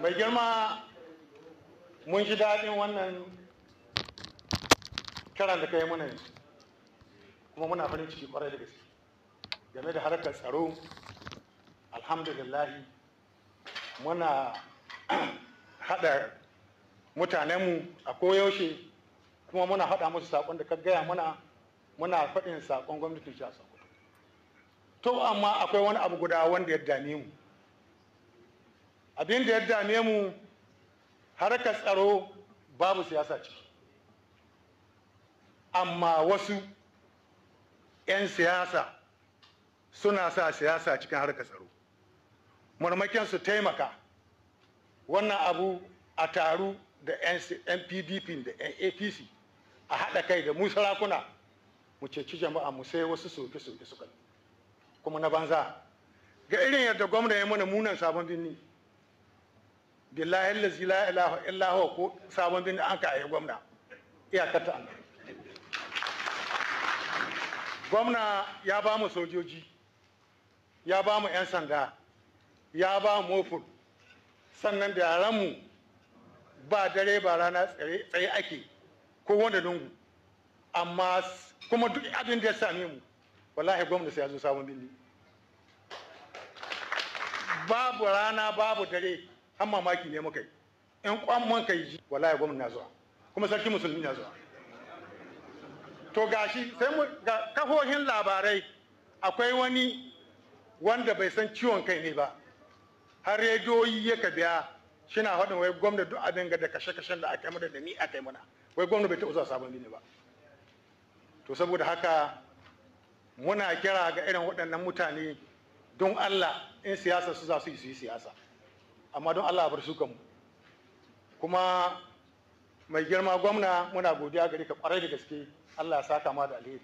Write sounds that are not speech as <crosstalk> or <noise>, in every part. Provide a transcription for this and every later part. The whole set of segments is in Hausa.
mai girma mun ji daɗin wannan karan da ka yi mana yanzu kuma muna farin ciki kwarai da gaske game da harkar tsaro alhamdulillahi muna haɗa mutanenmu a koyaushe kuma muna haɗa musu saƙon da ka gaya mana muna faɗin saƙon gwamnatin jihar to amma akwai wani abu guda wanda ya dame mu abin da ya dame mu harkar tsaro babu siyasa ce amma wasu 'yan siyasa suna sa siyasa cikin harkar tsaro marmakin su taimaka wannan abu a taru da NPDP da apc a haɗa kai da mu sarakuna mu ceci jama'a mu sai wasu soke-soke suka kuma na banza ga irin yadda gwamna ya mana munan sabon birni billahi allazi la ilaha illa huwa ko sabon bin an ka ayi gwamna iyakata. gwamna ya ba mu sojoji ya ba mu 'yan sanda ya ba mu mofur sannan da mu ba dare ba rana tsaye ake ko wanda lungu amma kuma duk abin da ya same mu wallahi gwamna sai ya zo sabon birni babu rana babu dare An mamaki ne muka yi In kwan man kai wallahi gwamnati na zuwa kuma sarki musulmi na zuwa to gashi sai mu ga kafofin labarai akwai wani wanda bai san ciwon kai ne ba har rediyoyi ya ka biya shina faɗin wai gwamna duk abin ga da kashe-kashen da aka yi mana da ni aka yi mana wai gwamna bai taɓa zuwa sabon ne ba to saboda haka muna kira ga irin waɗannan mutane don Allah in siyasa su za su yi su yi siyasa amma don Allah bar shukan mu kuma mai girma gwamna muna godiya gare ka kwarai da gaske Allah ya saka ma da alheri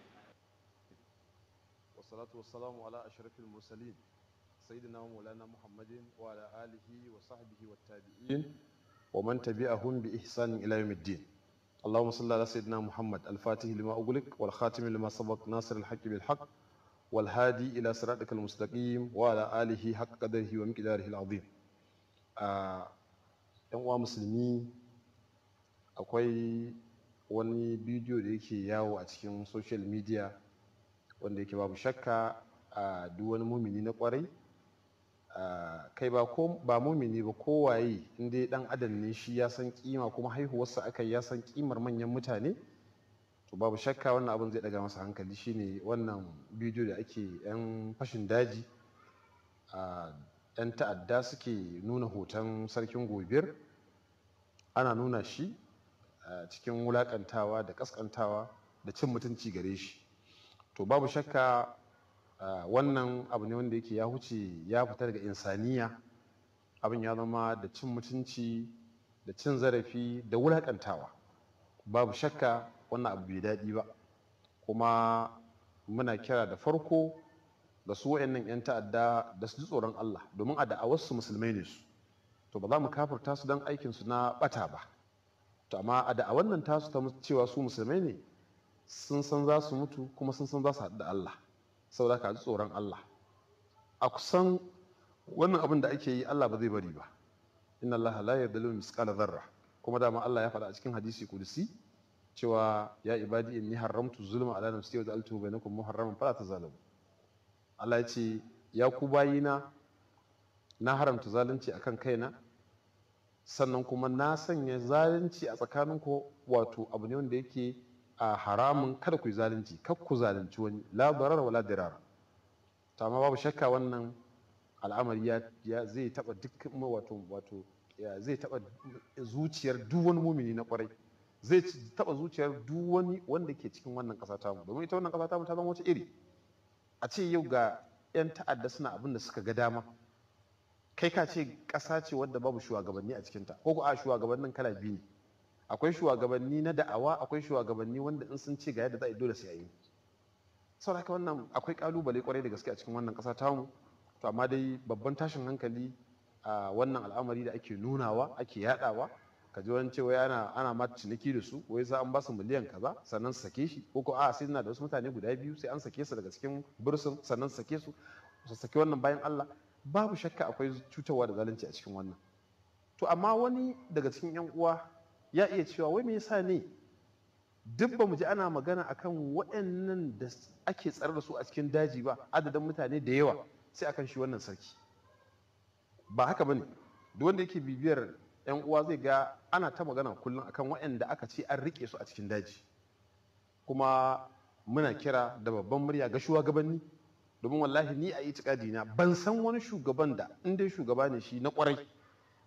wassalatu wassalamu ala ashrafil mursalin sayyidina wa maulana muhammadin wa ala alihi wa sahbihi wa tabi'in wa man tabi'ahum bi ihsan ila yawmiddin اللهم صل على سيدنا محمد الفاتح لما أغلق والخاتم لما سبق ناصر الحق بالحق والهادي إلى صراطك المستقيم وعلى آله حق قدره ومقداره العظيم a uwa musulmi akwai wani bidiyo da yake yawo a cikin social media wanda yake babu shakka a duk wani mumini na kwarai kai ba mumini ba kowaye inda dan adam ne shi ya san kima kuma haihuwarsa aka ya san kimar manyan mutane to babu shakka wannan abin zai daga masa hankali shine wannan bidiyo da ake yan fashin daji a 'yan ta'adda suke nuna hoton sarkin gobir ana nuna shi a cikin wulaƙantawa da kaskantawa da cin mutunci gare shi to babu shakka wannan abu ne wanda yake ya huce ya fita daga insaniya abin ya zama da cin mutunci da cin zarafi da wulaƙantawa babu shakka wannan abu bai daɗi ba kuma muna kira da farko da su wayannan yan ta'adda da su ji tsoron Allah domin a da'awarsu musulmai ne su to ba za mu kafirta su don aikin su na bata ba to amma a da'awar nan tasu ta cewa su musulmai ne sun san za su mutu kuma sun san za su haɗu da Allah saboda ka ji tsoron Allah a kusan wannan abin da ake yi Allah ba zai bari ba inna Allah la yadlu misqala dharra kuma dama Allah ya faɗa a cikin hadisi kudusi cewa ya ibadi inni haramtu zulma ala nafsi wa ja'altuhu bainakum muharraman fala tazalamu Allah ya ce ya ku bayina na haramta zalunci akan kaina sannan kuma na sanya zalunci a tsakaninku wato abu ne wanda yake a haramun kada ku yi zalunci kar ku zalunci wani la darar wala dirar to amma babu shakka wannan al'amari ya zai taba duk wato wato zai taba zuciyar duk wani mumini na kwarai zai taba zuciyar duk wani wanda ke cikin wannan kasa tamu domin ita wannan kasa tamu ta zama wata iri a ce yau ga 'yan ta'adda suna abin da suka ga dama kai ka ce ƙasa ce wadda babu shugabanni a cikinta ko ku a shugabannin kala biyu ne akwai shugabanni na da'awa akwai shugabanni wanda in sun ce ga yadda za a yi dole sai a yi sauraka wannan akwai kalubale kwarai da gaske a cikin wannan ƙasa tamu to amma dai babban tashin hankali a wannan al'amari da ake nunawa ake yadawa ka ji wani cewa ana ana mata ciniki da su wai sai an ba su miliyan kaza sannan su sake shi ko ko a sai na da wasu mutane guda biyu sai an sake su daga cikin bursun sannan su sake su su sake wannan bayan Allah babu shakka akwai cutarwa da zalunci a cikin wannan to amma wani daga cikin yan uwa ya iya cewa wai me yasa ne duk ba mu ji ana magana akan waɗannan da ake tsare da su a cikin daji ba adadin mutane da yawa sai akan shi wannan sarki ba haka bane duk wanda yake bibiyar yan uwa zai ga ana ta magana kullum akan waɗanda aka ce an rike su a cikin daji kuma muna kira da babban murya ga shugabanni domin wallahi ni a itikadi na ban san wani shugaban da in dai shugaba ne shi na kwarai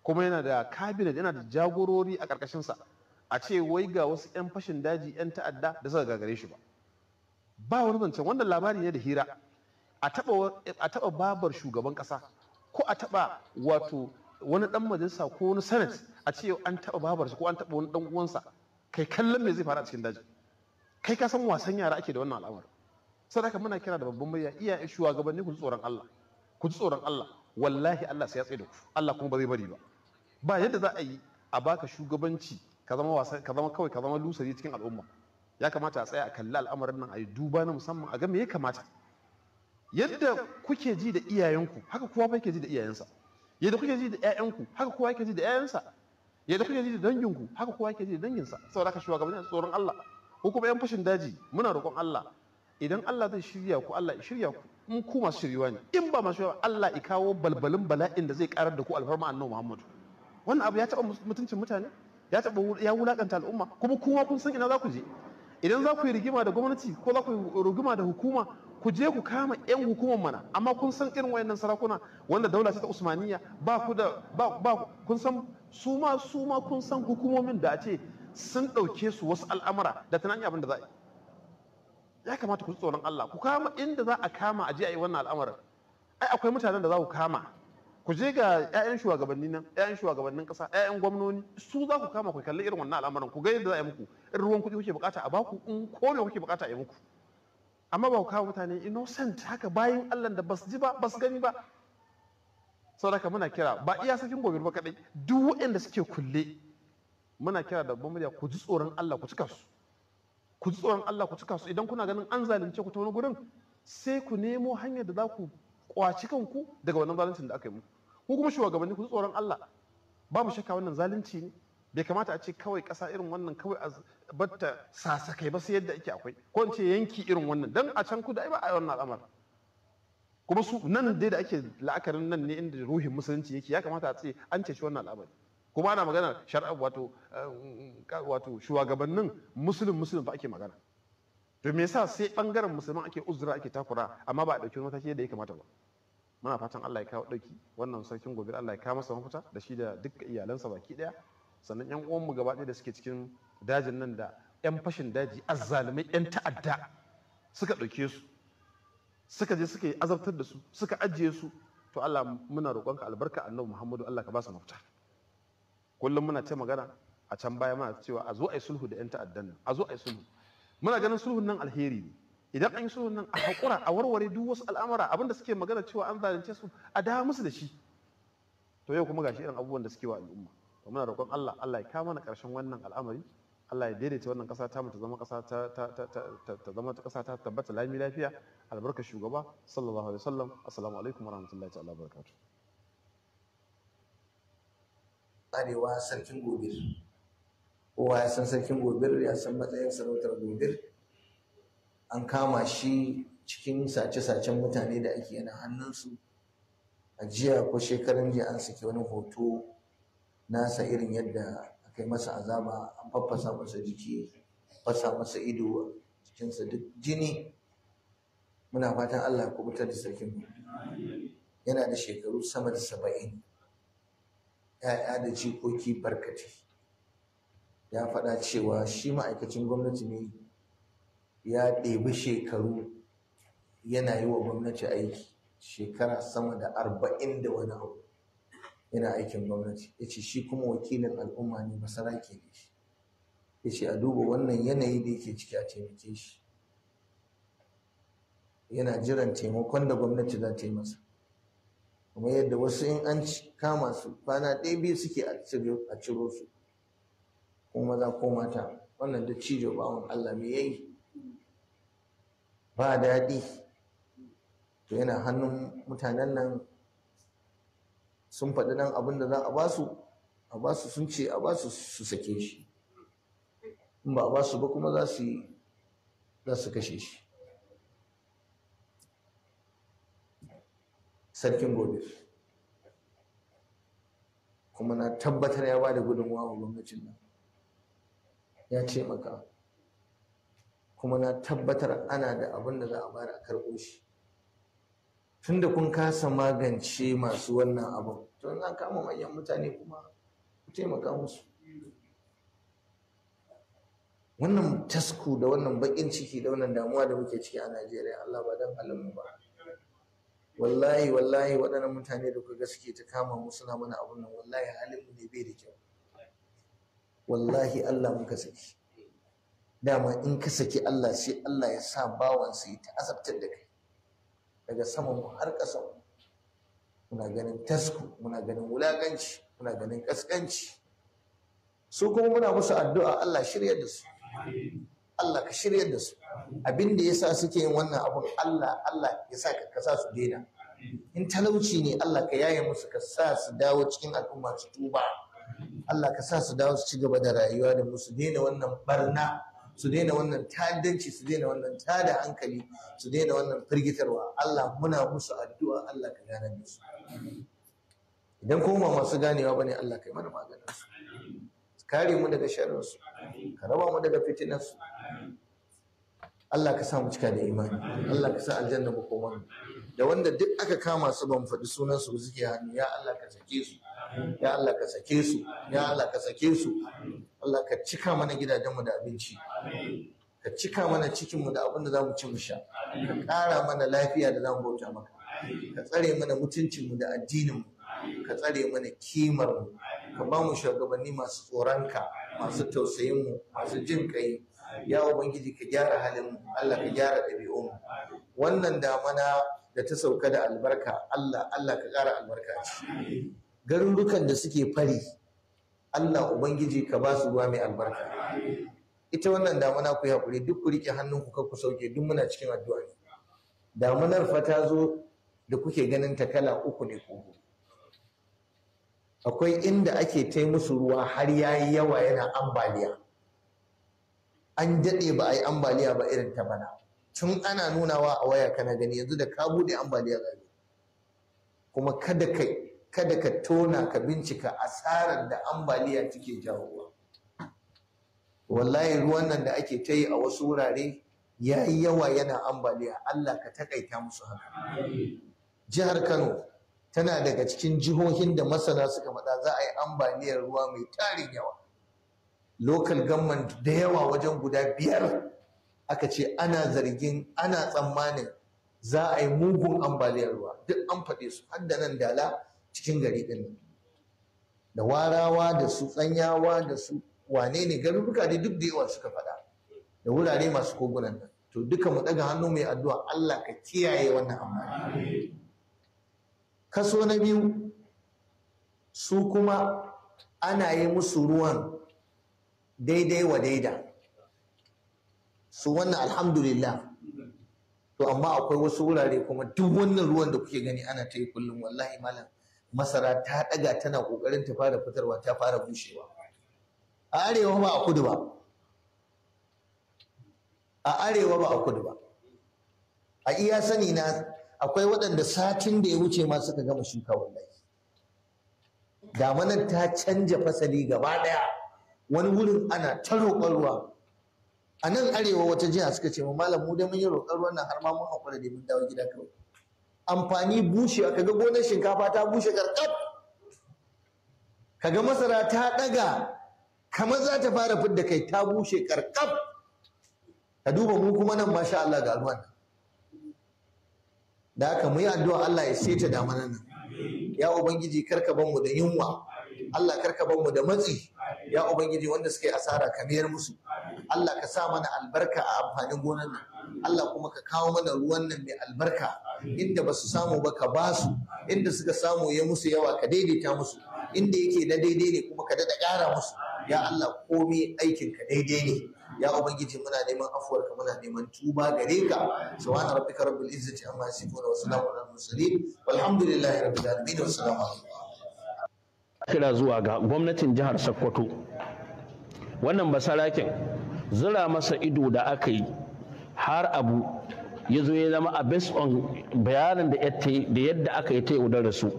kuma yana da kabinet yana da jagorori a ƙarƙashinsa sa a ce wai ga wasu 'yan fashin daji 'yan ta'adda da suka gagare shi ba ba wani zancen wannan labari ne da hira a taɓa babar shugaban ƙasa ko a taɓa wato wani dan majalisa ko wani senate a ce an taba babarsa ko an taba wani dan uwansa kai kallon me zai faru a cikin daji kai ka san wasan yara ake da wannan al'amari sadaka muna kira da babban murya iyaye shugabanni ku ji tsoron Allah ku ji tsoron Allah wallahi Allah sai ya tsaye da ku Allah kuma ba zai bari ba ba yadda za a yi a baka shugabanci ka zama wasa ka zama kawai ka zama lusari cikin al'umma ya kamata a tsaya a kalli al'amarin nan a yi duba na musamman a ga me ya kamata yadda kuke ji da iyayenku haka kowa ba yake ji da iyayensa yadda kuke ji da ƴaƴanku haka kowa yake ji da ƴaƴansa yadda kuke ji da danginku haka kowa yake ji da danginsa saboda haka ne tsoron Allah ko kuma ƴan fashin daji muna roƙon Allah idan Allah zai shirya ku Allah ya shirya ku in ku masu shiriwa ne in ba masu shiryuwa Allah ya kawo balbalin bala'in da zai karar da ku alfarma annabi Muhammadu wannan abu ya taɓa mutuncin mutane ya taɓa ya wulakanta al'umma kuma kuma kun san ina za ku je idan za ku yi rigima da gwamnati ko za ku yi rigima da hukuma ku je ku kama yan hukumar mana amma kun san irin wayannan sarakuna wanda daula ce ta usmaniya ba ku da ba kun san su ma su ma kun san hukumomin da a ce sun ɗauke su wasu al'amura da tunanin abin da za a yi ya kamata ku tsoron Allah ku kama inda za a kama a je a yi wannan al'amarin ai akwai mutanen da za ku kama ku je ga 'ya'yan shugabanni nan 'ya'yan shugabannin ƙasa 'ya'yan gwamnoni su za ku kama ku kalli irin wannan al'amarin ku ga yadda za a yi muku irin ruwan kuɗi kuke bukata a baku in kome kuke bukata a yi muku amma ba ku kawo mutane innocent haka bayan Allah da basu ji ba basu gani ba daga muna kira ba iya sakin gobe ba kadai duk waɗanda suke kulle muna kira da bambaja ku ji tsoron Allah ku cika su ku ji tsoron Allah ku cika su idan kuna ganin an zalunce ku ta wani gurin sai ku nemo hanyar da za ku kwaci kanku daga wannan zaluncin da aka yi mu ku kuma shugabanni ku ji tsoron Allah ba mu shakka wannan zalunci ne bai kamata a ce kawai ƙasa irin wannan kawai a batta sasakai ba sai yadda ake akwai ko ce yanki irin wannan don a can kudu ai ba a wannan al'amar kuma su nan dai da ake la'akarin nan ne inda ruhin musulunci yake ya kamata a ce an shi wannan al'amari kuma ana magana shar'a wato eh, eh, wato shugabannin musulun musulun ba ake magana to me yasa sai bangaren musulman ake uzura ake takura amma ba a dauki mataki yadda ya kamata ba muna fatan Allah ya kawo dauki wannan sarkin gobe Allah ya kawo masa mafita da shi da dukkan iyalansa baki daya sannan yan uwanmu gaba ɗaya da suke cikin dajin nan da yan fashin daji azzalumai yan ta'adda suka ɗauke su suka je suka yi azabtar da su suka ajiye su to Allah muna roƙonka albarka annabi Muhammadu Allah ka ba su mafita kullum muna ta magana a can baya muna cewa a zo a yi sulhu da yan ta'addan nan a zo a yi sulhu muna ganin sulhun nan alheri ne idan an yi sulhun nan a haƙura a warware duk wasu al'amura abinda suke magana cewa an zalunce su a dawo musu da shi to yau kuma gashi irin abubuwan da suke wa al'umma to muna roƙon Allah Allah ya kawo mana ƙarshen wannan al'amari Allah ya daidaita wannan ƙasa ta mu ta zama ƙasa ta ta zama ta ƙasa ta tabbata lami lafiya albarka shugaba sallallahu alaihi wasallam assalamu alaikum warahmatullahi ta'ala barakatuh arewa sarkin gobir kowa ya san sarkin gobir ya san matsayin sarautar gobir an kama shi cikin sace-sacen mutane da ake yana hannunsu a jiya ko shekaran jiya an saki wani hoto nasa irin yadda aka yi masa azaba an fafasa masa jiki fasa masa ido cikinsa duk jini muna fatan Allah ya kubutar da sarkin yana da shekaru sama da saba'in ya'ya da jikoki barkati ya faɗa cewa shi ma'aikacin gwamnati ne ya ɗebi shekaru yana yi wa gwamnati aiki shekara sama da arba'in da wani abu yana aikin gwamnati ya ce shi kuma wakilin al'umma ne masara ke shi ya ce a duba wannan yanayi da yake ciki a taimake shi yana jiran taimakon da gwamnati za ta yi masa kuma yadda wasu in an kama su kwana ɗaya biyu suke a ciro su kuma maza ko mata wannan da cijo bawon Allah me yayi ba daɗi to yana hannun mutanen nan sun faɗi nan abin da za a ba su. a ba su sun ce a ba su su sake shi in ba a ba su ba kuma za su za su kashe shi sarkin gobe kuma na tabbatar ya ba da gudunmawa gwamnatin nan ya ce maka. kuma na tabbatar ana da abin da za a bada a karɓo shi tunda kun kasa magance masu wannan abin to za kama manyan mutane kuma ku taimaka musu wannan tasku da wannan bakin ciki da wannan damuwa da muke ciki a Najeriya Allah ba dan halin ba wallahi wallahi waɗannan mutane da kuka suke ta kama mu suna mana abun nan wallahi halin mu ne bai da kyau wallahi Allah muka saki dama in ka saki Allah sai Allah ya sa bawansa ya ta da kai daga saman mu har ƙasa muna ganin tasku muna ganin wulaƙanci, muna ganin ƙasƙanci. su kuma muna musu addu'a Allah shirya da su Allah ka shirya da su abin da yasa suke yin wannan abun Allah Allah ya sa ka kasa su daina in talauci ne Allah ka yaye musu ka sa su dawo cikin al'umma su tuba Allah ka sa su dawo su ci gaba da rayuwa da musu daina wannan barna su daina wannan ta'addanci su daina wannan tada hankali su daina wannan firgitarwa Allah muna musu addu'a Allah ka gane da su idan kuma masu ganewa bane Allah kai mana maganin su kare mu daga sharrin su ka raba mu daga fitinar su Allah ka sa mu cika da imani Allah ka sa aljanna mu koma da wanda duk aka kama su ban faɗi sunan su suke hannu ya Allah ka sake su ya Allah ka sake su ya Allah ka sake su Allah ka cika mana gidajenmu da abinci ka cika mana cikinmu da abin da za mu ci mu sha ka ƙara mana lafiya da za mu bauta maka ka tsare mana mutuncinmu da addininmu ka tsare mana kimarmu ka ba mu shugabanni masu tsoronka masu tausayinmu masu jin kai ya ubangiji ka gyara halinmu Allah ka gyara ɗabi'unmu wannan damana da ta sauka da albarka Allah Allah ka ƙara albarka ci garurukan da suke fari Allah ubangiji ka ba su ruwa mai albarka ita wannan damuna ku yi haƙuri, duk ku riƙe hannun ku ku sauke duk muna cikin addu'a ne damunar fa ta zo da kuke ganin ta kala uku ne ko akwai inda ake tai musu ruwa har ya yi yawa yana ambaliya an daɗe ba a yi ambaliya ba irin ta bana tun ana nunawa a waya kana gani yanzu da ka buɗe ambaliya gani kuma kada kai kada ka tona ka bincika asarar da ambaliya take jawowa wallahi ruwan nan da ake ta yi a wasu wurare ya yi yawa yana ambaliya Allah ka takaita musu haka jihar Kano tana daga cikin jihohin da masana suka faɗa za a yi ambaliyar ruwa mai tarin yawa local government da yawa wajen guda biyar aka ce ana zargin ana tsammanin za a yi mugun ambaliyar ruwa duk an faɗe su har da nan dala cikin gari ɗin da warawa da su tsanyawa da su wane ne garuruka dai duk da yawa suka faɗa da wurare masu kogunan nan to duka mu ɗaga hannu mai addu'a Allah ka kiyaye wannan amfani kaso na biyu su kuma ana yi musu ruwan daidai wa daida su wannan alhamdulillah to amma akwai wasu wurare kuma duk wannan ruwan da kuke gani ana ta yi kullum wallahi malam masara ta daga tana ƙoƙarin ta fara fitarwa ta fara bushewa a arewa ba a kudu ba a arewa ba a kudu ba a iya sani na akwai waɗanda satin da ya wuce ma suka gama shuka wallahi damanar ta canja fasali gaba ɗaya wani wurin ana ta roƙon ruwa a nan arewa wata jiya suka ce ma malam mu da mun yi roƙon ruwan nan har ma mun haƙura da mun dawo gida kawai amfani bushe kaga gonar shinkafa ta bushe karkab kaga masara ta daga kamar za ta fara fidda kai ta bushe karkab ka duba mu kuma nan masha Allah ga alwan da haka mu yi addu'a Allah ya saita damanan nan ya ubangiji karka ban mu da yunwa Allah karka ban mu da matsi ya ubangiji wanda yi asara ka biyar musu Allah ka sa mana albarka a amfanin gonar nan Allah kuma ka kawo mana ruwan nan mai albarka inda ba su samu ba ka ba su inda suka samu ya musu yawa ka daidaita musu inda yake na daidai ne kuma ka daɗa ƙara musu ya Allah komai aikin ka daidai ne ya ubangiji muna neman afuwar ka muna neman tuba gare ka subhana rabbika rabbil izzati amma yasifun wa salamun alal mursalin walhamdulillahi rabbil alamin wa salamu kira zuwa ga gwamnatin jihar Sokoto wannan basarakin zira masa ido da aka yi har abu ya zo ya zama a based on bayanin da yadda aka yi ta yaudar su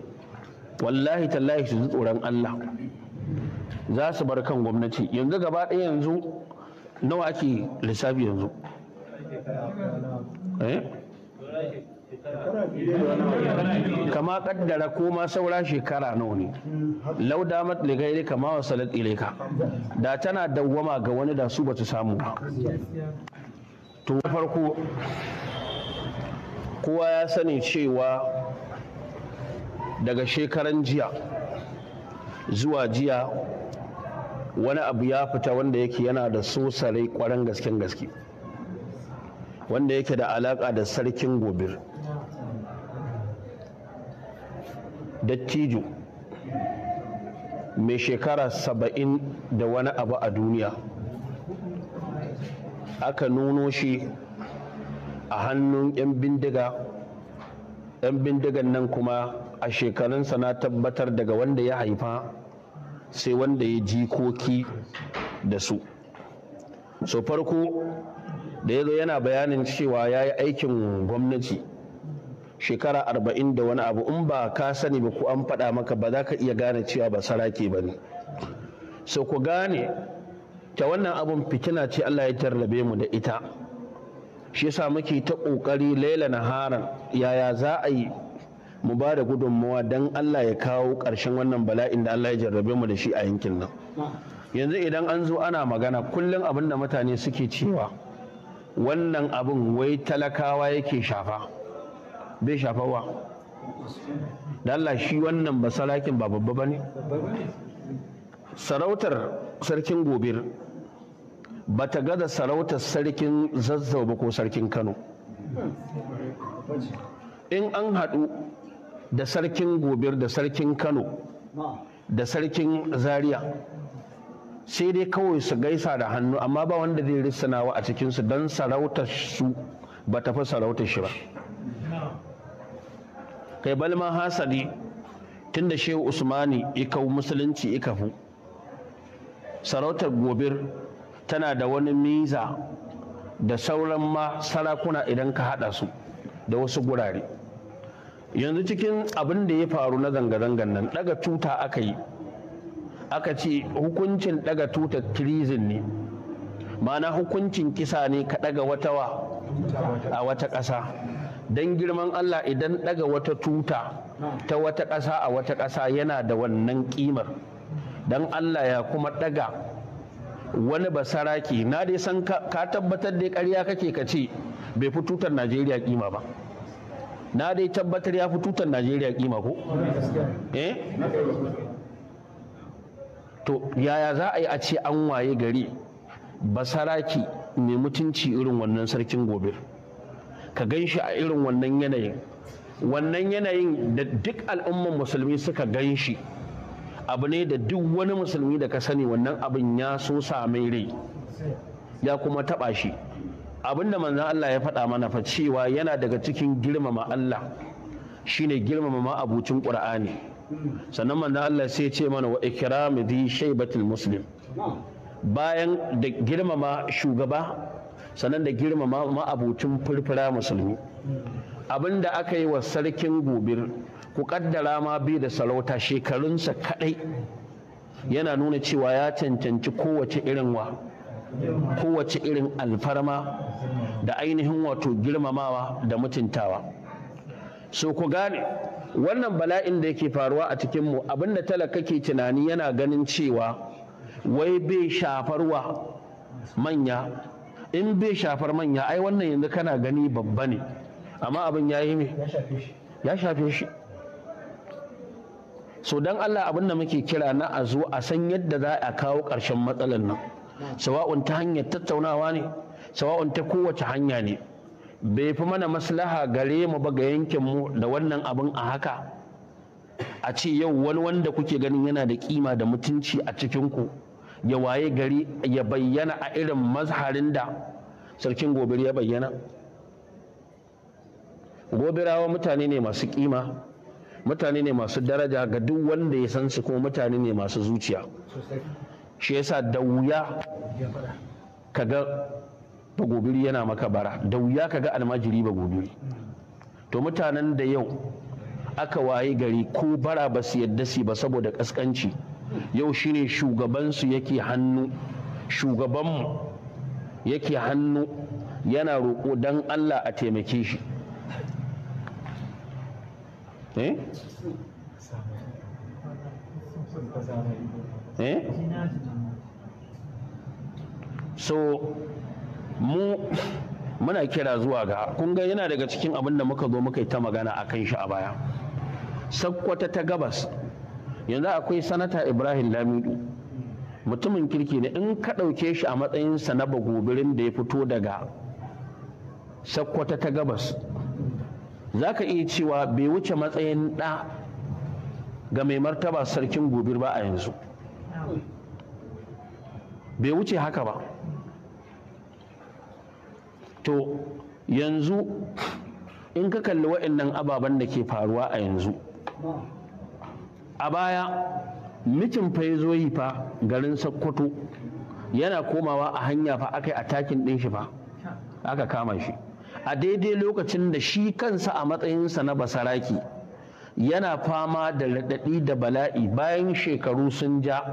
wallahi tallahi su tsoron Allah za su bar kan gwamnati yanzu gaba ɗaya yanzu nawa ake lissafi yanzu eh? kama kaddara ko ma saura shekara nawa ne lau damat li gairi kama wasalat ilaika da tana dawwama ga wani da su bata samu ba to farko kowa ya sani cewa daga shekaran jiya zuwa jiya wani abu ya fita wanda yake yana da sosare kwaran gasken gaske wanda yake da alaka da sarkin gobir dattijo mai shekara saba'in da wani abu a duniya aka nuno shi a hannun 'yan bindiga 'yan bindigan nan kuma a shekarunsa na tabbatar daga wanda ya haifa sai wanda ya jikoki da su so farko da ya zo yana bayanin cewa ya yi aikin gwamnati shekara arba'in da wani abu in ba ka sani ba ko an faɗa maka ba za ka iya gane cewa ba sarake ba ne so ku gane ta wannan abun fitina ce Allah ya jarrabe mu da ita shi yasa muke ta ƙoƙari laila Haran yaya za a yi mu ba da gudunmawa don Allah ya kawo ƙarshen wannan bala'in da Allah ya jarrabe mu da shi a yankin nan yanzu idan an zo ana magana kullum abin da mutane suke cewa wannan abin wai talakawa yake shafa bai shafawa da Allah shi wannan ba salakin ba babba ba sarautar sarkin gobir ba ta gada sarautar sarkin zazzau ba ko sarkin kano in an haɗu da sarkin gobir da sarkin kano da sarkin zaria sai dai kawai su gaisa da hannu amma ba wanda zai risanawa a cikinsu don sarautar su ba fi sarautar shi ba kai balma tun da shehu usmani kawo musulunci ikafu sarautar gobir tana da wani miza da sauran ma sarakuna idan ka haɗa su da wasu gurare yanzu cikin abin da ya faru na zanga-zangan nan daga tuta aka yi aka ce hukuncin daga tuta treason ne ma'ana hukuncin kisa ne ka daga wata wa a wata ƙasa don girman Allah idan daga wata tuta ta wata ƙasa a wata ƙasa yana da wannan ƙimar don Allah ya kuma daga wani basaraki na dai san ka tabbatar da ƙarya kake ka ce bai fi tutar Najeriya ƙima ba na dai tabbatar ya fi tutar Najeriya ƙima ko eh? to yaya za a yi a ce an waye gari basaraki mai mutunci irin wannan sarkin gobe ka gan shi a irin wannan yanayin wannan yanayin da duk al'umman musulmi suka gan shi abu ne da duk wani musulmi da ka sani wannan abin ya so same rai ya kuma taɓa shi abin da manzan Allah ya faɗa mana fa cewa yana daga cikin girmama Allah shine girmama abucin ƙur'ani sannan manzan Allah sai ce mana wa ikrami di shaibatul muslim bayan da girmama shugaba sanan da girmama ma'abucin furfura musulmi abin da aka yi wa sarkin gobir ku kaddara ma bi da sarauta shekarunsa kadai yana nuna cewa ya cancanci kowace irin wa kowace irin alfarma da ainihin wato girmamawa da mutuntawa so ku gane wannan bala'in da yake faruwa a cikinmu abinda talaka ke tunani yana ganin cewa wai bai shafarwa manya in bai shafar manya ai wannan yanzu kana gani babba ne amma abin ya yi me ya shafe shi so dan Allah abin da muke kira na a zo a san yadda za a kawo karshen matsalar nan sawa'un ta hanyar tattaunawa ne sawa'un ta kowace hanya ne bai fi mana maslaha gare mu ba ga yankin mu da wannan abin a haka a ce yau wani wanda kuke ganin yana da kima da mutunci a cikin ku ya waye gari ya bayyana a irin mazharin da sarkin gobir ya bayyana gobirawa mutane ne masu kima mutane ne masu daraja ga duk wanda ya san su kuma mutane ne masu zuciya shi yasa da wuya kaga ba gobiri yana maka bara da wuya kaga almajiri ba gobiri to mutanen da yau aka waye gari ko bara ba su yadda su ba saboda kaskanci yau shine shugabansu yake hannu shugabanmu yake hannu yana roƙo don Allah a taimake shi eh eh so mu muna kira zuwa ga kunga yana daga cikin abin da muka zo muka yi ta magana a kan shi a baya sakkwata ta gabas yanzu akwai sanata ibrahim lamidu mutumin kirki ne in ka ɗauke shi a matsayinsa na bagobirin da ya fito daga sakkwata ta gabas za ka iya cewa bai wuce matsayin ɗa ga mai martaba sarkin gobir ba a yanzu bai wuce haka ba to yanzu in ka kalli waɗannan ababen da ke faruwa a yanzu a baya mikin fa ya zo yi fa garin sakkwato yana komawa a hanya fa aka yi a takin ɗin shi fa aka kama shi a daidai lokacin da shi kansa a matsayinsa na basaraki yana fama da raɗaɗi da bala'i bayan shekaru sun ja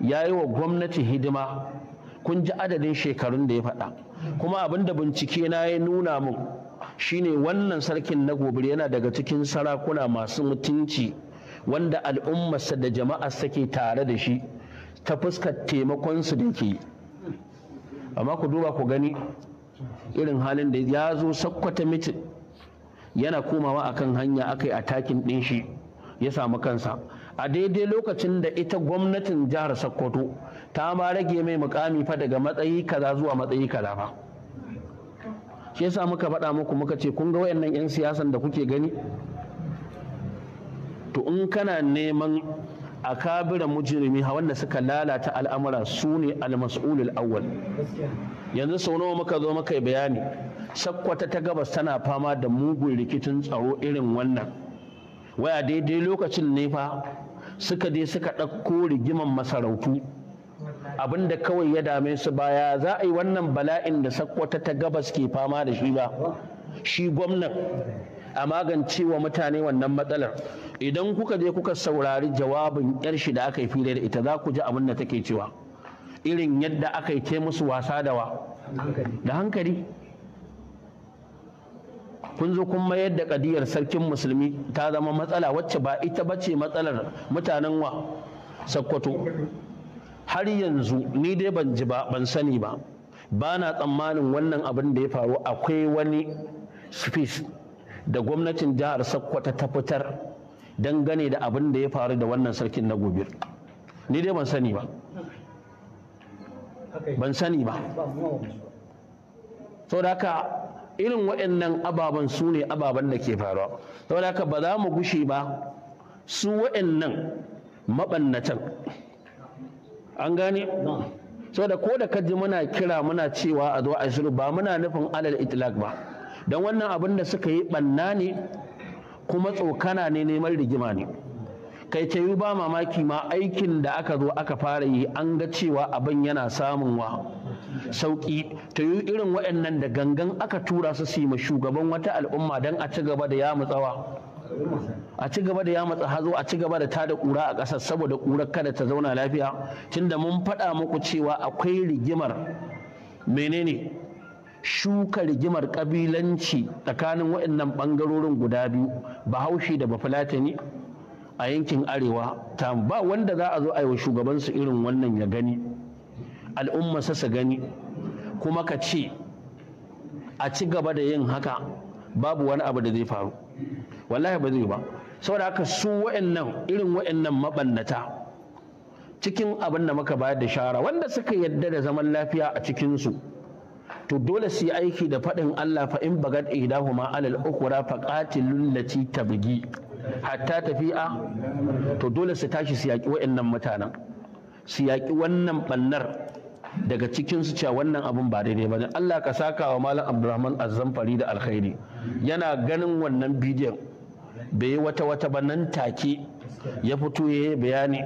ya yi wa gwamnati hidima kun ji adadin shekarun da ya faɗa kuma abin da bincike na ya nuna mun shine wannan sarkin na gobir yana daga cikin sarakuna masu mutunci wanda al'ummarsa da jama'a ke tare da shi ta fuskar taimakonsu da ke amma ku duba ku gani irin halin da ya zo sakkwata mitin yana komawa akan hanya aka yi takin ɗin shi ya samu kansa a daidai lokacin da ita gwamnatin jihar sokoto ta ma rage mai mukami fa daga matsayi kaza zuwa matsayi kaza fa shi yasa muka faɗa muku muka ce kun ga wayannan 'yan siyasan da kuke gani to in kana neman a kabira mujirimi wanda suka lalata al'amura su ne almas'ulul awwal yanzu sau nawa muka zo muka bayani sakkwata ta gabas tana fama da mugun rikicin tsaro irin wannan waya daidai lokacin ne fa suka je suka ɗauko rigiman masarautu abin da kawai ya dame su baya za a yi wannan bala'in da sakkwata ta gabas ke fama da shi ba shi gwamnan a magancewa mutane wannan matsalar idan kuka je kuka saurari jawabin yar shi da aka yi fili da ita za ku ji abin da take cewa irin yadda aka yi ce musu wasa da wa da hankali kun zo kun mayar da kadiyar sarkin musulmi ta zama matsala wacce ba ita ba ce matsalar mutanen wa sakkwato har yanzu ni dai ban ji ba ban sani ba ba na tsammanin wannan abin da ya faru akwai wani space da gwamnatin jihar sakkwata ta fitar dangane da abin da ya faru da wannan sarkin na gobe ni dai ban sani ba ban sani ba saboda haka irin waɗannan ababen su ne ababen da ke faruwa saboda haka ba za mu gushe ba su waɗannan mabannatan. an gane saboda ko da kaji muna kira muna cewa a zo a shiru ba muna nufin alal itlaq ba don wannan abin da suka yi ɓanna ne kuma tsokana ne neman rigima ne kai ta yi ba mamaki ma aikin da aka zo aka fara yi an ga cewa abin yana samun wa sauƙi ta yi irin waɗannan da gangan aka tura su su ma shugaban wata al'umma don a ci gaba da ya matsawa a ci gaba da ya matsa hazo a ci gaba da tada ƙura a ƙasar saboda ƙura kada ta zauna lafiya tunda mun faɗa muku cewa akwai rigimar menene shuka rigimar kabilanci tsakanin waɗannan ɓangarorin guda biyu bahaushe da bafulatani a yankin arewa ta ba wanda za a zo a yi wa shugabansu irin wannan ya gani al'umma su gani kuma ka ce a ci gaba da yin haka babu wani abu da zai faru wallahi ba zai ba saboda haka su wa'annan irin wa'annan mabannata cikin abin da muka bayar da shara wanda suka yadda da zaman lafiya a cikinsu to dole su yi aiki da faɗin Allah fa in bagad ma alal ukhra fa qatilul lati tabgi hatta tafi'a to dole su tashi su yaki wa'annan mutanen su yaki wannan bannar daga cikin su cewa wannan abun ba daidai ba Allah ka saka wa malam Abdulrahman zamfari da alkhairi yana ganin wannan bidiyon bai yi wata wata ba nan take ya fito yayi bayani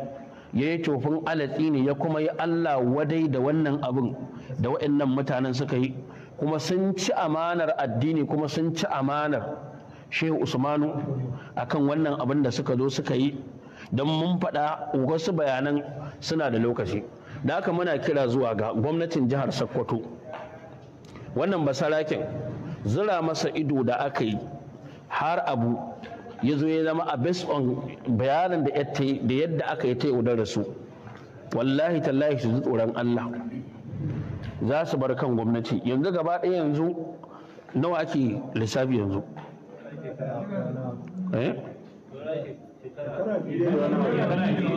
ya yi tofin alatsi ne ya kuma yi Allah wadai da wannan abin da waɗannan mutanen suka yi kuma sun ci amanar addini kuma sun ci amanar shehu usmanu akan wannan abin da suka zo suka yi don mun faɗa wasu bayanan suna da lokaci da haka muna kira zuwa ga gwamnatin jihar sokoto wannan basarakin zura masa ido da aka yi har abu ya zo ya zama a based on bayanin da da yadda aka yi ta yaudar da su wallahi tallahi su ji tsoron Allah za su bar kan gwamnati yanzu gaba ɗaya yanzu nawa ake lissafi yanzu eh?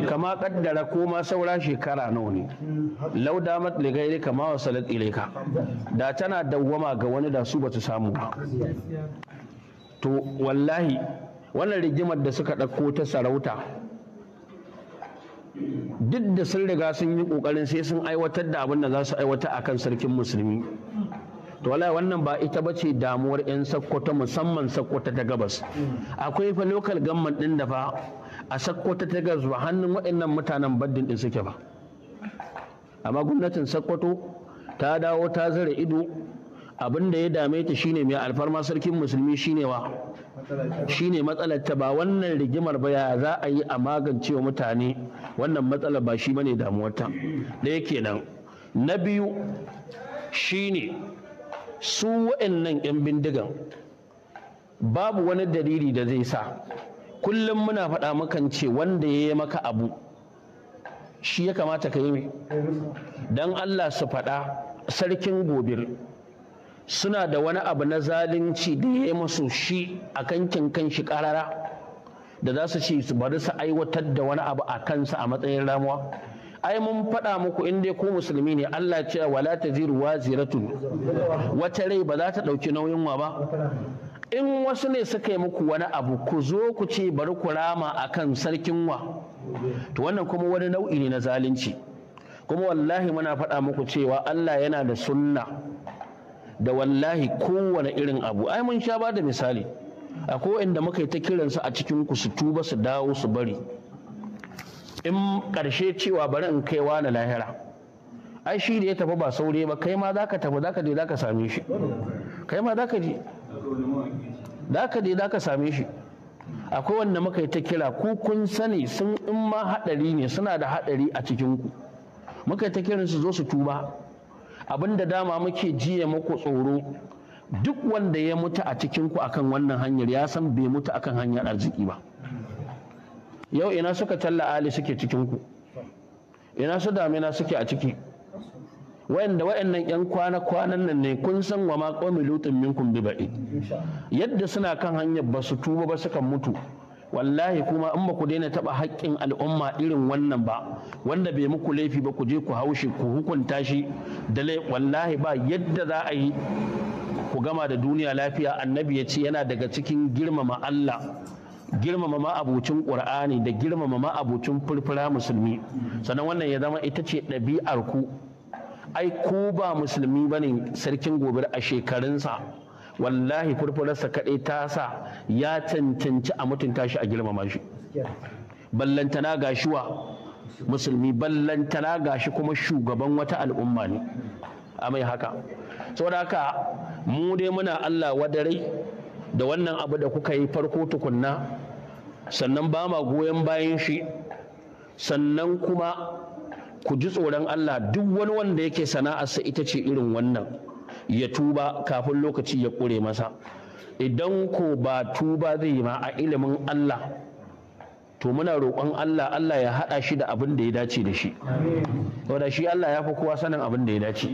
kama kaddara ko ma saura shekara nawa ne lau damat ligairi kama wa salat ilaika da tana dawwama ga wani da su ba su samu ba to wallahi wannan rigimar da suka ɗauko ta sarauta duk da sun riga sun yi ƙoƙarin sai sun aiwatar da abin da za su aiwata a kan sarkin musulmi to wala wannan ba ita ba ce damuwar 'yan sakkwata musamman sakkwata ta gabas akwai fa lokal gamman ɗin da fa a Sakkwato ta gabas ba hannun waɗannan mutanen baddin ɗin suke ba amma gwamnatin sakkwato ta dawo ta zara ido abin da ya dame ta shine mai alfarma sarkin musulmi shine wa shine matsalar ta ba wannan rigimar ba ya za a yi a magance wa mutane wannan matsalar ba shi bane damuwarta da ɗaya kenan na biyu Shi ne, su wa'annan 'yan bindigan babu wani dalili da zai sa kullum muna faɗa makan ce wanda ya yi maka abu shi ya kamata ka yi mai don allah su faɗa sarkin gobir suna da wani abu na zalunci da ya yi masu shi a kankin kan shi karara da za su ce su bari su aiwatar da wani abu a kansa a matsayin ramuwa ai mun faɗa muku in dai ko musulmi ne Allah ce wala taziru ziratu wata rai ba za ta ɗauki nauyin wa ba in wasu ne suka yi muku wani abu ku zo ku ce bari ku rama akan sarkin wa to wannan kuma wani nau'i ne na zalunci kuma wallahi muna faɗa muku cewa Allah yana da sunna da wallahi kowane irin abu ai mun sha ba da misali a inda muka yi ta kiransu a cikin ku su tuba su dawo su bari in ƙarshe cewa bari in kaiwa na lahira ai shi da ya tafi ba saure ba kai ma zaka tafi zaka je zaka same shi kai ma zaka je zaka je zaka same shi akwai wanda muka yi ta kira ku kun sani sun in ma haɗari ne suna da haɗari a cikin ku muka yi ta kiran zo su tuba abinda dama muke jiya muku tsoro duk wanda ya mutu a cikinku akan wannan hanyar ya san bai mutu akan hanyar arziki ba yau ina suka talla ali suke cikinku ina su damina suke a ciki wayanda wayannan yan kwana kwanan nan ne kun san wa ma qawmi lutun minkum bi ba'i yadda suna kan hanyar ba su tuba ba suka mutu wallahi kuma in ba ku daina taɓa haƙƙin al'umma irin wannan ba wanda bai muku laifi ba ku je ku haushi ku hukunta shi da wallahi ba yadda za a yi ku gama da duniya lafiya annabi ya ce yana daga cikin girmama Allah girmama ma'abucin ƙur'ani da girmama ma'abucin furfura musulmi sannan wannan ya zama ita ce ɗabi'ar ku ai ku ba musulmi bane sarkin gobe a shekarunsa wallahi furfurarsa kaɗai ta sa ya cancanci a mutunta shi a girmama shi ballantana ga shuwa musulmi ballantana ga shi kuma shugaban wata al'umma ne a mai haka saboda haka mu dai muna Allah wadare da wannan abu da kuka yi farko tukunna sannan ba ma goyon bayan shi sannan kuma ku ji tsoron Allah duk wani wanda yake sana'arsa ita ce irin wannan ya tuba kafin lokaci ya ƙure masa idan ko ba tuba zai ma a ilimin Allah to muna roƙon Allah Allah ya haɗa shi da abin da ya dace da shi wanda shi Allah ya fi kowa sanin abin da ya dace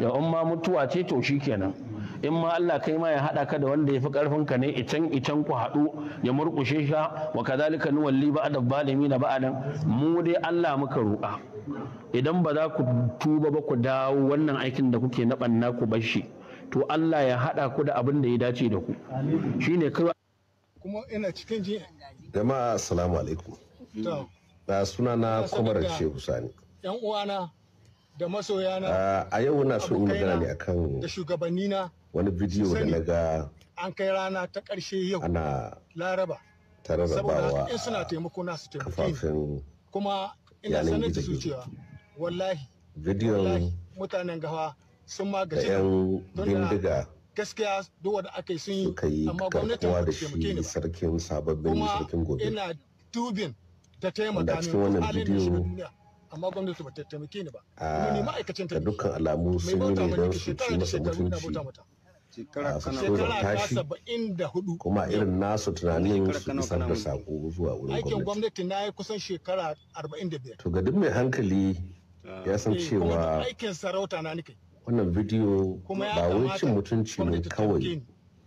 ya ma mutuwa ce to shi kenan in ma Allah kai ma ya hada ka da wanda ya fi karfin ka ne icen icen ku hadu ya murkushe sha wa ba da balimi na ba'adan mu dai Allah muka roƙa idan ba za ku tuba ba ku dawo wannan aikin da kuke na banna ku bar shi to Allah ya hada ku da abin da ya dace da ku shine kai kuma ina cikin ji jama'a assalamu alaikum da sunana kumar shehu sani yan uwana da masoyana ah, a yau na so in magana ne akan da na wani bidiyo da na ga an kai rana ta ƙarshe yau ana laraba ta rarrabawa in suna taimako na su taimako kuma ina sanar da su cewa wallahi bidiyon mutanen gawa sun ma gaji da bindiga gaskiya duk wanda aka yi sun yi amma gwamnati ba ta taimake ni sarkin sababbin sarkin gobe ina dubin da taimaka cikin wannan bidiyo amma gwamnati ba ta taimake ni ba kuma ni ma'aikacin ta dukkan alamu sun yi ne don su ci masa mutunci a da tashi kuma irin nasu tunanin su isar da sako zuwa wurin gwamnati to ga duk mai hankali ah. ya san eh, cewa wannan bidiyo ba wai cin mutunci ne kawai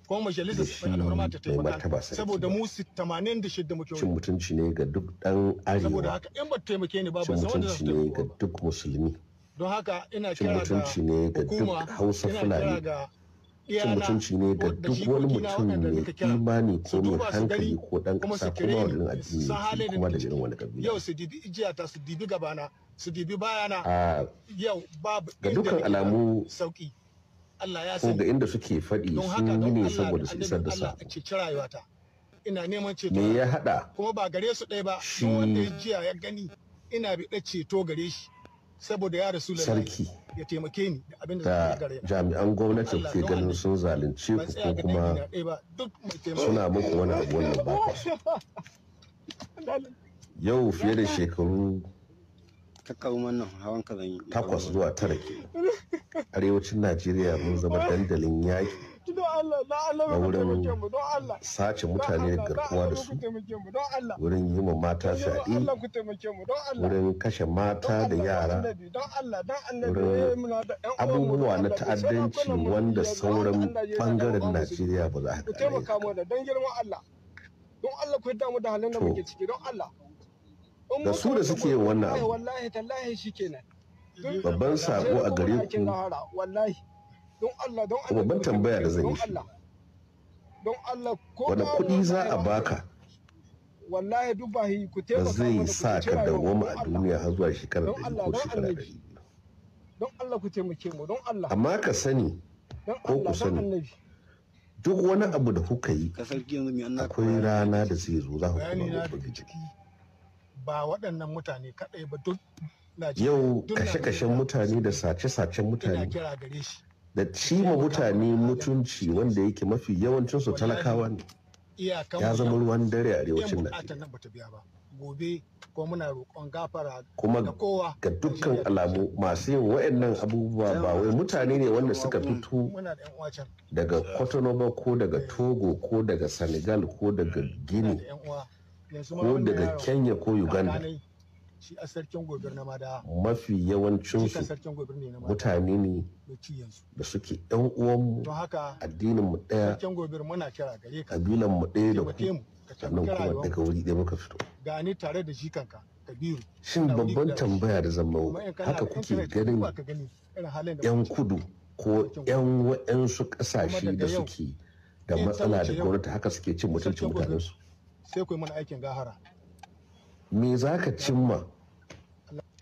kuma majalisar tsakanin ma ta taimaka saboda mu 86 muke cin mutunci ne ga duk dan arewa saboda haka in ba taimake ni ba ba san wanda ga duk musulmi don haka ina kira ga hukuma ina kira ga cin mutunci ne da duk wani mutum mai imani ko mai hankali ko dan kasa kuma mawarin addini kuma da jirin wani kabila yau su dibi ijiya ta su dibi gabana su dibi bayana yau babu ga dukkan alamu sauki Allah ya sani ga inda suke fadi sun yi ne saboda su isar da sa ina neman ceto me ya hada kuma ba gare su dai ba wanda ya jiya ya gani ina bi ceto gare shi saboda ya rasu sarki ya taimake ni da abin da jami'an gwamnati ke ganin sun zalunce ku ko kuma suna muku wani abu wannan ba <laughs> yau fiye da shekaru takwas zuwa tara arewacin najeriya mun zama dandalin yaƙi na wurin sace mutane garkuwa da su wurin yi ma mata fyaɗe wurin kashe mata da yara wurin eh, abubuwa na ta'addanci wanda sauran ɓangaren najeriya ba za a don da su da suke wannan abu babban sako a gare ku don Allah don Allah babban tambaya da zan yi shi don Allah ko wani kudi za a baka wallahi duk ba ku taimaka ba zai sa ka dawwama a duniya har zuwa shekara ɗari ko shekara ɗari don Allah ku taimake mu don Allah amma ka sani ko ku sani duk wani abu da kuka yi akwai rana da zai zo za ku kuma gobe ciki ba waɗannan mutane kaɗai ba duk yau kashe-kashen mutane da sace-sacen mutane da cima mutane mutunci wanda yake mafi yawancinsu talakawa ne ya zama ruwan dare a arewacin Najeriya. gobe ko muna roƙon gafara kuma ga dukkan alamu masu yin wa'annan abubuwa ba wai mutane ne wanda suka fito daga ba ko daga eh. Togo ko daga Senegal ko daga mm. Guinea ko daga Kenya ko Uganda mafi yawancinsu mutane ne da suke yan uwanmu addinin mu daya kabilan mu daya da ku sannan kuma daga wuri ɗaya muka fito gani tare da shi kanka kabiru shin babban tambaya da zan mawo haka kuke ganin yan kudu ko yan wa'ansu kasashe da suke da matsala da gwamnati haka suke cin mutuncin mutanensu sai ku yi mana aikin gahara me za ka cimma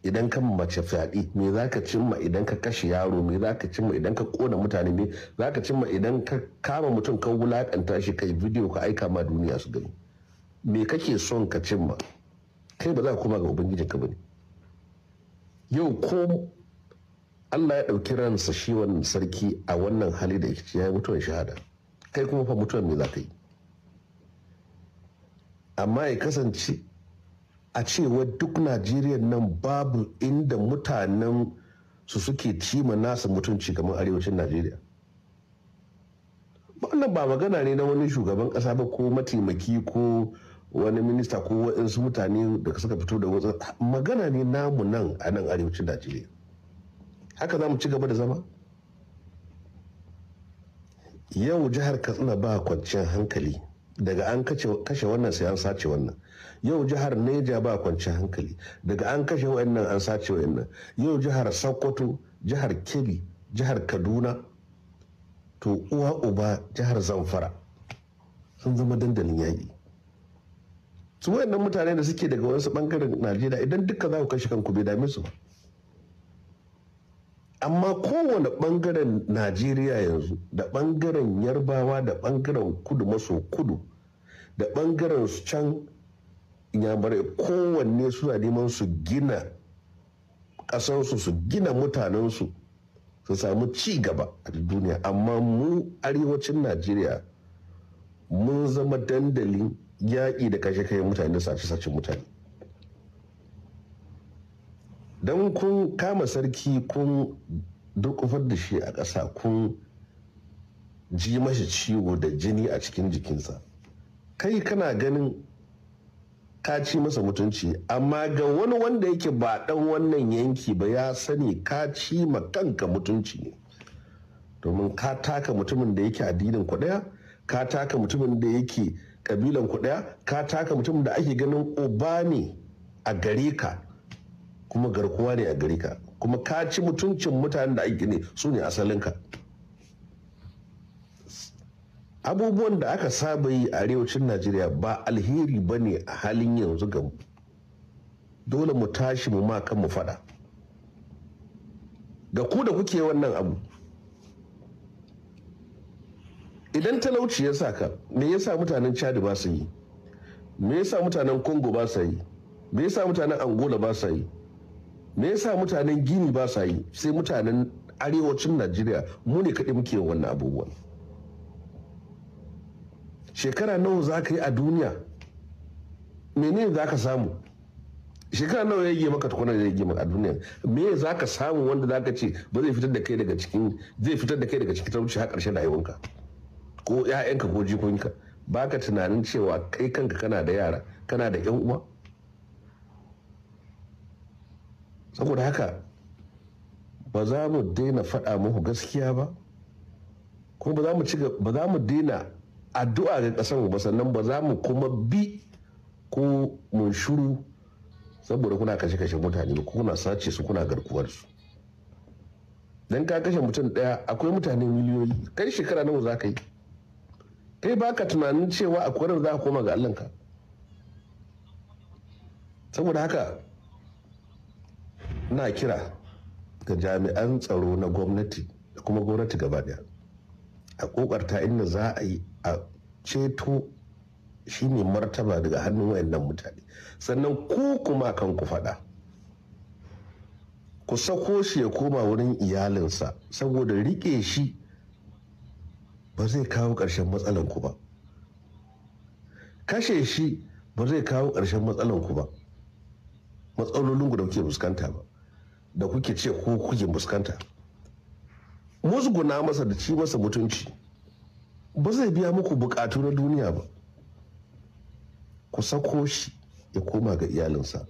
idan ka mace fyaɗe me za ka cimma idan ka kashe yaro me za ka cimma idan ka kona mutane me za ka cimma idan ka kama mutum ka wulaƙanta shi kai bidiyo ka aika ma duniya su gani me kake son ka cimma kai ba za ka koma ga ubangiji ka bane yau ko Allah ya ɗauki ransa shi wannan sarki a wannan hali da ya yi mutuwar shahada kai kuma fa mutuwar me za ka yi amma ya kasance a cewa duk najeriya nan babu inda mutanen su suke cima nasa mutunci kamar arewacin najeriya wannan ba magana ne na wani shugaban kasa ba ko mataimaki ko wani minista ko waɗansu mutane da suka fito da wasu magana ne namu nan a nan arewacin najeriya haka za mu ci gaba da zama yau jihar katsina ba kwanciyar hankali daga an kashe wannan sai an sace wannan yau jihar neja ba kwanci hankali daga an kashe wa'annan an sace wa'annan yau jihar sokoto jihar kebbi jihar kaduna to uwa uba jihar zamfara sun zama dandalin yaƙi su wayannan mutane da suke daga wasu bangaren najeriya idan duka za ku kashe kanku bai dame su amma kowane bangaren najeriya yanzu da bangaren yarbawa da bangaren kudu maso kudu da bangaren su can yamurai kowanne suna neman su gina ƙasarsu su gina mutanensu su samu ci gaba a duniya amma mu arewacin najeriya mun zama dandalin yaƙi da kashe kayan mutane da sace-sace mutane don kun kama sarki kun dukufar da shi a ƙasa kun ji mashi ciwo da jini a cikin jikinsa kai kana ganin ka ci masa mutunci amma ga wani wanda yake ba dan wannan yanki ba ya sani ka ci ma kanka mutunci ne domin ka taka mutumin da yake addinin ku daya ka taka mutumin da yake kabilan ku daya ka taka mutumin da ake ganin uba ne a gare ka kuma garkuwa ne a gare ka kuma ka ci mutuncin mutanen da ake ne su ne asalinka abubuwan da aka saba yi a arewacin najeriya ba alheri ba ne a halin yanzu ga mu dole mu tashi mu ma mu fada ga ku da kuke wannan abu idan talauci ya saka me ya sa mutanen chad ba su yi me ya sa mutanen congo ba su yi me ya sa mutanen angola ba su yi me ya sa mutanen gini ba su yi sai mutanen arewacin najeriya mu ne kaɗai muke wannan abubuwan shekara nawa za ka yi a duniya mene za ka samu shekara nawa ya yi maka tukunan da ya yi maka a duniya me za ka samu wanda za ka ce ba zai fitar da kai daga cikin zai fitar da kai daga cikin talauci har ƙarshen ka ko ƴaƴanka ko ka ba ka tunanin cewa kai kanka kana da yara kana da ƴan uwa saboda haka ba za mu daina faɗa muku gaskiya ba kuma ba za mu daina addu'a ga ƙasar ba sannan ba za mu kuma bi ko mun shuru saboda kuna kashe-kashe mutane ba kuna sace su kuna garkuwar su dan ka kashe mutum daya akwai mutane miliyoyi kai shekara nawa za ka yi kai baka tunanin cewa akwai ran za ka koma ga Allahnka saboda haka na kira ga jami'an tsaro na gwamnati da kuma gwamnati gaba daya a kokarta inda za a yi a ceto shine martaba daga hannun wayannan mutane sannan ku kuma kan ku faɗa ku sako shi ya koma wurin iyalinsa saboda riƙe shi ba zai kawo ƙarshen matsalan ku ba kashe shi ba zai kawo ƙarshen matsalan ku ba matsalolin ku da kuke fuskanta ba da kuke ce ko kuke fuskanta musguna masa da ci masa mutunci ba zai biya muku bukatu na duniya ba ku sako shi ya koma ga iyalinsa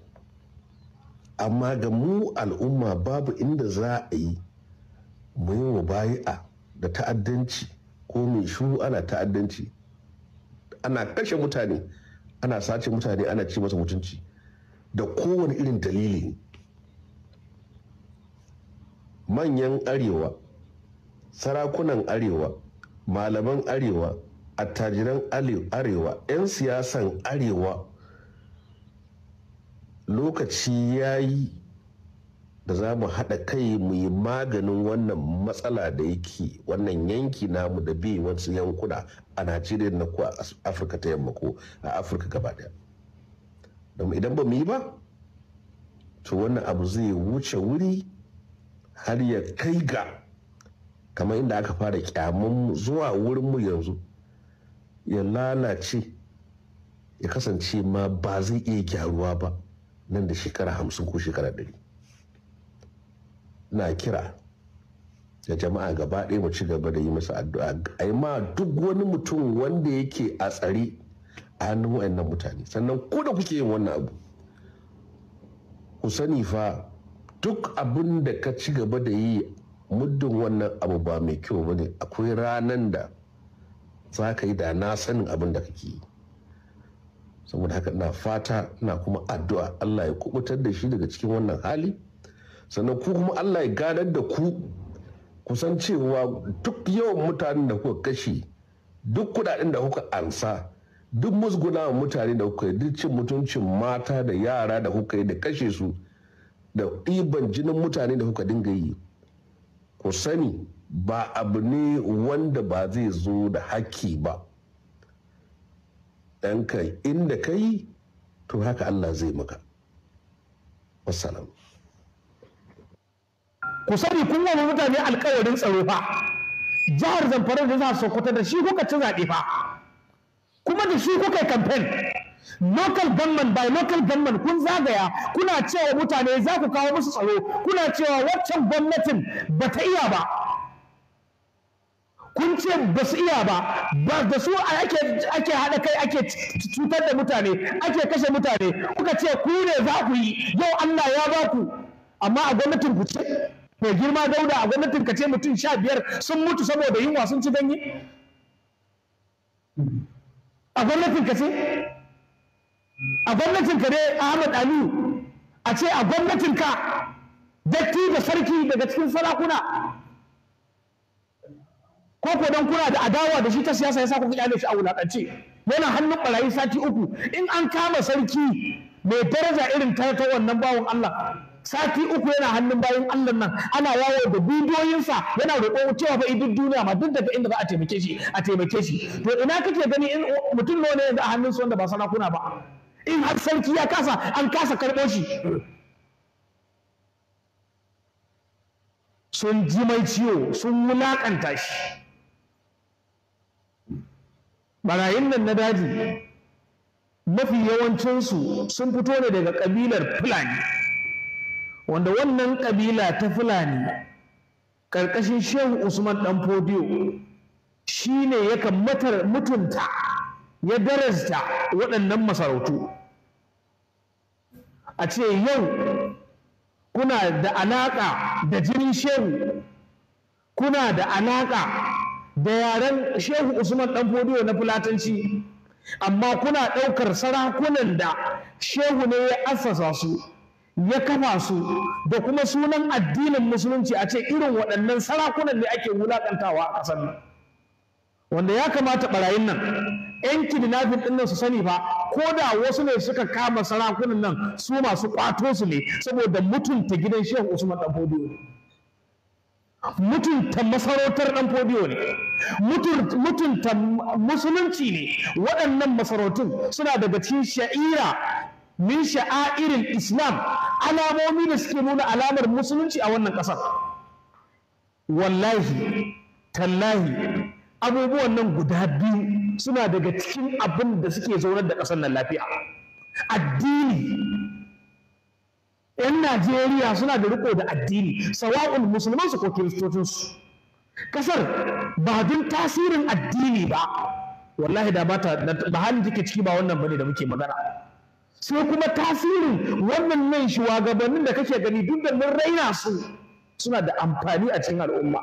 amma ga mu al'umma babu inda za a yi mu yi wa bayi'a da ta'addanci ko mai shu ana ta'addanci ana kashe mutane ana sace mutane ana ci masa mutunci da kowane irin dalili manyan arewa sarakunan arewa malaman arewa attajiran arewa 'yan siyasan arewa lokaci ya yi da za mu haɗa kai mu yi maganin wannan matsala da yake wannan yanki namu da bi wasu yankuna a najeriya na ko a afirka ta yamma ko a afirka gaba daya idan ba mu yi ba to wannan abu zai wuce wuri har ya kai ga kamar inda aka fara kyamun zuwa wurinmu yanzu ya lalace ya kasance ma ba zai iya gyaruwa ba nan da shekara hamsin ko shekara ɗari na kira da jama'a gaba ɗaya mu ci gaba da yi masa addu'a a yi ma duk wani mutum wanda yake a tsare a hannun wa'annan mutane sannan ko da kuke yin wannan abu ku sani fa duk abin da ka ci gaba da yi muddin wannan abu ba mai kyau ba ne akwai ranar da za ka yi da na sanin abin da kake yi saboda haka na fata na kuma addu'a Allah ya kubutar da shi daga cikin wannan hali sannan ku kuma Allah ya ganar da ku kusan cewa duk yawan mutanen da kuka kashe duk kudaden da kuka ansa duk musguna mutane da kuka yi duk cin mutuncin mata da yara da kuka yi da kashe su da ɗiban jinin mutane da kuka dinga yi ku sani ba abu ne wanda ba zai zo da haƙƙi ba ɗanka inda ka yi to haka Allah zai maka wassalam ku sani kun wa mutane alkawarin tsaro fa jihar zamfara da za su kuta da shi kuka ci zaɓe fa kuma da shi kuka yi kamfen local government by local government kun zagaya kuna cewa mutane za ku kawo musu tsaro kuna cewa waccan gwamnatin ba ta iya ba kun ce ba su iya ba ba da su ake haɗa kai ake cutar da mutane ake kashe mutane kuka ce ku ne za ku yi yau Allah ya ba ku amma a gwamnatin ku ce mai girma dauda a gwamnatin ka ce mutum sha biyar sun mutu saboda yunwa sun ci ganye a gwamnatin ka ce a gwamnatin ka dai Ahmad Aliyu a ce a gwamnatin ka datti da sarki daga cikin sarakuna ko ko dan kuna da adawa da shi ta siyasa yasa kuka kyale shi a wulakanci yana hannun barayi sati uku in an kama sarki mai daraja irin ta ta wannan bawon Allah sati uku yana hannun bayan Allah nan ana yawo da bidiyoyinsa yana roƙo cewa fa idin duniya ma duk daga inda za a taimake shi a taimake shi to ina kake gani in mutum ne yanzu a hannun su wanda ba sarakuna ba in har sarki ya kasa an kasa karɓo shi sun ji mai ciwo sun wulaƙanta shi barayin nan na daji mafi yawancinsu sun fito ne daga ƙabilar fulani wanda wannan ƙabila ta fulani ƙarƙashin shehu usman ɗan fodiyo shi ne yakan mutunta ya darasta waɗannan masarautu a ce yau kuna da alaƙa da jinin shehu kuna da alaƙa da yaren shehu usman ɗan fodiyo na fulatanci amma kuna ɗaukar sarakunan da shehu ne ya assasa su ya kafa su da kuma sunan addinin musulunci a ce irin waɗannan sarakunan ne ake wulaƙantawa a ƙasar nan wanda ya kamata ɓarayin nan yan nafin ɗin nan su sani ba ko da wasu ne suka kama sarakunan nan su masu ƙwato su ne saboda mutunta gidan shehu usman ɗan fodiyo ne mutunta masarautar ɗan fodiyo ne mutunta musulunci ne waɗannan masarautun suna daga cikin sha'ira min sha'airin islam alamomi da suke nuna alamar musulunci a wannan ƙasar wallahi tallahi abubuwan nan guda biyu suna daga cikin abin da suke zaunar da ƙasar nan lafiya addini yan Najeriya suna da riko da addini sawa'un musulman su ko kiristocin su kasar ba don tasirin addini ba wallahi da ba halin take ciki ba wannan bane da muke magana sai kuma tasirin wannan nan shugabannin da kake gani duk da mun raina su suna da amfani a cikin al'umma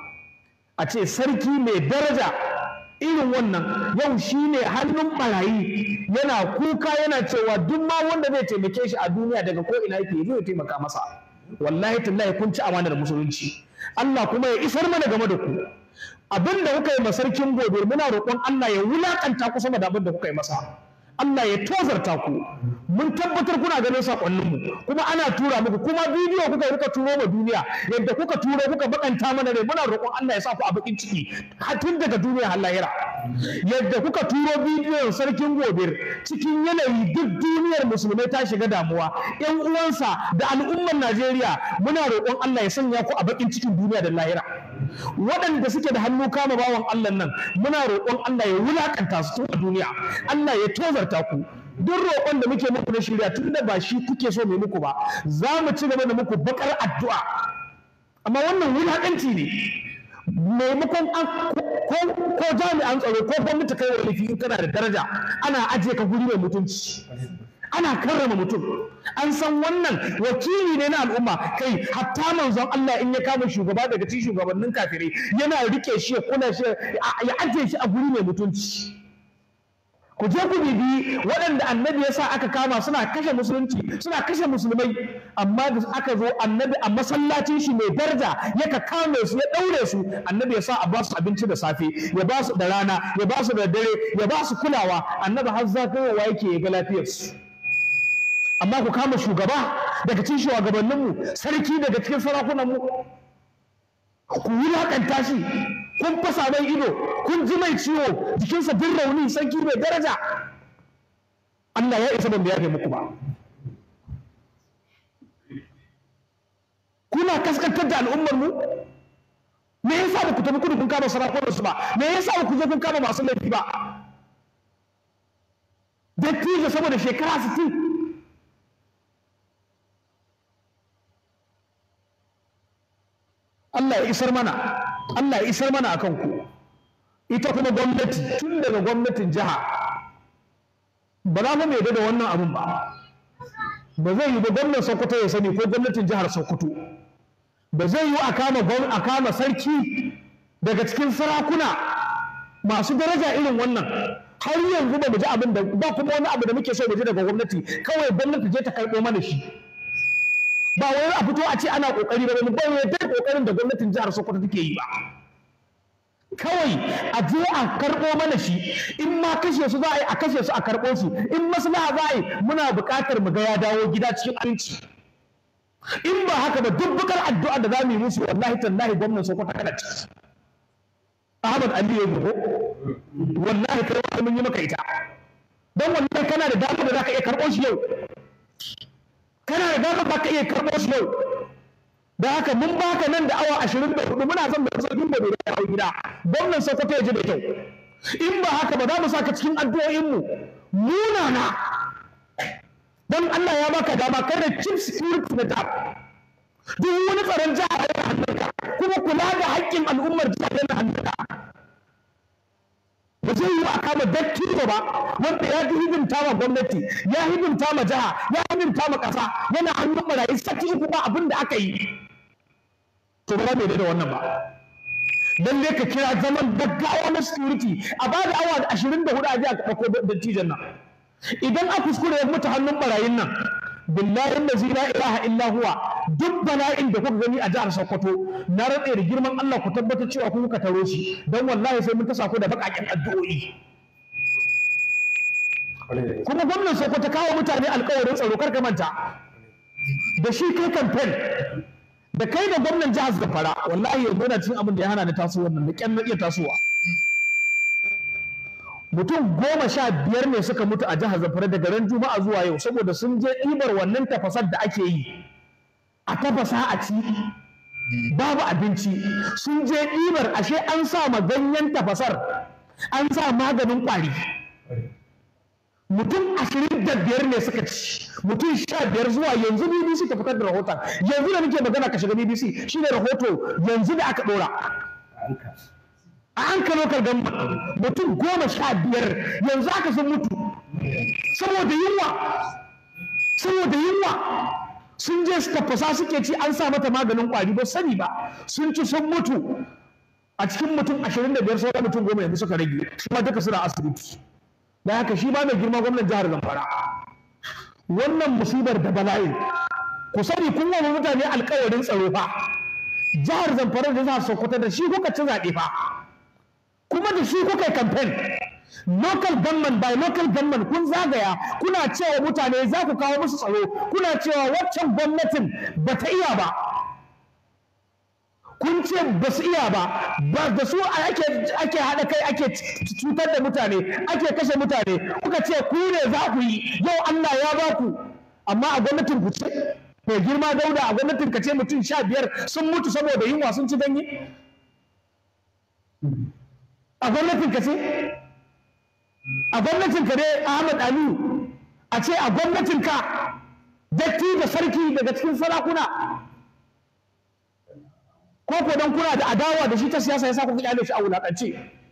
a ce sarki mai daraja irin wannan yau shi ne hannun marayi yana kuka yana cewa duk ma wanda zai taimake shi a duniya daga ko ina yake zai taimaka masa wallahi tallahi kun ci amanar musulunci Allah kuma ya isar mana game da ku Abinda kuka yi masarkin gobe muna roƙon Allah ya wulakanta ku sama da abinda kuka yi masa Allah ya tozarta ku mun tabbatar kuna ganin sakonnin mu kuma ana tura muku kuma bidiyo kuka rika turo ma duniya yadda kuka turo kuka bakanta mana rai muna roƙon Allah ya sa ku a bakin ciki tun daga duniya har lahira yadda kuka turo bidiyon sarkin gobe, cikin yanayi duk duniyar musulmai ta shiga damuwa yan uwansa da al'ummar Najeriya muna roƙon Allah ya sanya ku a bakin cikin duniya da lahira waɗanda suke da hannu kama bawan Allah nan muna roƙon Allah ya wulakanta su a duniya Allah ya tozarta ta ku duk roƙon da muke muku na shirya da ba shi kuke so mai muku ba za mu ci gaba da muku bakar addu'a amma wannan wulaƙanci ne maimakon ko jami'an tsaro ko gwamnati kai wa laifi in kana da daraja ana ajiye ka guri mai mutunci ana karrama mutum an san wannan wakili ne na al'umma kai hatta manzon Allah in ya kama shugaba daga cikin shugabannin kafirai yana rike shi ya kula shi ya ajiye shi a guri mai mutunci ku je ku bibi waɗanda annabi ya sa aka kama suna kashe musulunci suna kashe musulmai amma da aka zo annabi a masallacin shi mai daraja yaka kame su ya ɗaure su annabi ya sa a ba su abinci da safe ya ba su da rana ya ba su da dare ya ba su kulawa annabi har za ka wa yake ya ga lafiyarsu amma ku kama shugaba daga cikin shugabanninmu sarki daga cikin sarakunanmu ku wulakanta shi kun fasa mai ido kun ji mai ciwo jikinsa bin rauni sanki mai daraja Allah ya isa ban da yafe muku ba kuna kaskantar da al'ummar mu me yasa ba ku tafi kudu kun kama sarakunan su ba me yasa ba ku zo kun kama masu laifi ba dattijo saboda shekara 60 Allah ya isar mana Allah ya isar mana akan ku ita kuma gwamnati tun daga gwamnatin jiha ba za mu yarda da wannan abin ba ba zai yi ba gwamnan Sokoto ya sani ko gwamnatin jihar Sokoto ba zai yi a kama sarki daga cikin sarakuna masu daraja irin wannan har yanzu ba mu ji abin da ba kuma wani abu da muke so mu ji daga gwamnati kawai gwamnati je ta karɓo mana shi ba wai a fito a ce ana kokari ba wani ne dai kokarin da gwamnatin jihar Sokoto take yi ba kawai a je a karɓo mana shi in ma kashe su za a yi a kashe su a karɓo su in maslaha za a yi muna buƙatar mu ga ya dawo gida cikin aminci in ba haka ba duk bukar addu'a da za mu yi musu wallahi tallahi gwamnan Sokoto kana ci. Ahmad Ali ya yi wallahi kai mun yi maka ita dan wallahi kana da dama da zaka iya karɓo shi yau kana da dama baka iya karɓo shi yau da haka mun baka nan da awa ashirin da hudu muna son da sarkin da bai a gida gwamnan sokoto ya ji da kyau in ba haka ba za mu saka cikin addu'o'inmu munana don Allah ya baka dama kada chief security na tab duk wani tsaron jihar yana hannunka kuma kula da haƙƙin al'ummar jihar yana hannunka ba zai yi a kama dattijo ba wanda ya hidimta ma gwamnati ya hidimta ma jiha ya hidimta ma ƙasa yana hannun marayi sati uku ba abin da aka yi to ba mai da wannan ba lalle ka kira zaman gaggawa na security a ba da awa 24 a ji a ko dattijan nan idan a kuskure ya mutu hannun barayin nan billahi allazi la ilaha illa huwa duk bala'in da kuka gani a jihar Sokoto na rantse da girman Allah ku tabbatar cewa ku kuka taro shi dan wallahi sai mun tasa ku da bakakin addu'o'i kuma gwamnan Sokoto kawo mutane alƙawarin tsaro kar ka manta da shi kai campaign da kai da gwamnan jihar Zamfara wallahi yanzu na cikin abin da ya hana ni tasowa wannan da kyan na iya tasowa mutum goma sha biyar ne suka mutu a jihar Zamfara daga ran Juma'a zuwa yau saboda sun je ɗibar wannan tafasar da ake yi a tafasa a ci babu abinci sun je ɗibar ashe an sa ma ganyen tafasar an sa maganin ƙwari mutum ashirin da biyar ne suka ci mutum sha biyar zuwa yanzu BBC ta fitar da rahoton yanzu da muke magana ka shiga BBC shine rahoto yanzu da aka ɗora a hankali kar gan mutum goma sha biyar yanzu aka sun mutu saboda yunwa saboda yunwa sun je su tafasa suke ci an sa mata maganin kwari ba sani ba sun ci sun mutu a cikin mutum ashirin da biyar sauran mutum goma yanzu suka rage shi ma duka suna asibiti da haka shi ba mai girma gwamnan jihar zamfara wannan musibar da bala'i ku sani kun mutane alkawarin tsaro fa jihar zamfara da za su kwata da shi kuka ci zaɓe fa kuma da shi kuka campaign local government by local government kun zagaya kuna cewa mutane za ku kawo musu tsaro kuna cewa waccan gwamnatin ba ta iya ba kun ce ba su iya ba ba da su ake haɗa kai ake cutar da mutane ake kashe mutane kuka ce ku ne za ku yi yau Allah ya ba ku amma a gwamnatin ku ce mai girma dauda a gwamnatin ka ce mutum sha biyar sun mutu saboda yunwa sun ci ganye a gwamnatin ka ce a gwamnatin ka Ahmad Aliyu a ce a gwamnatin ka datti da sarki daga cikin sarakuna ko ko dan kuna da adawa da shi ta siyasa yasa kuka kyale shi a wulakance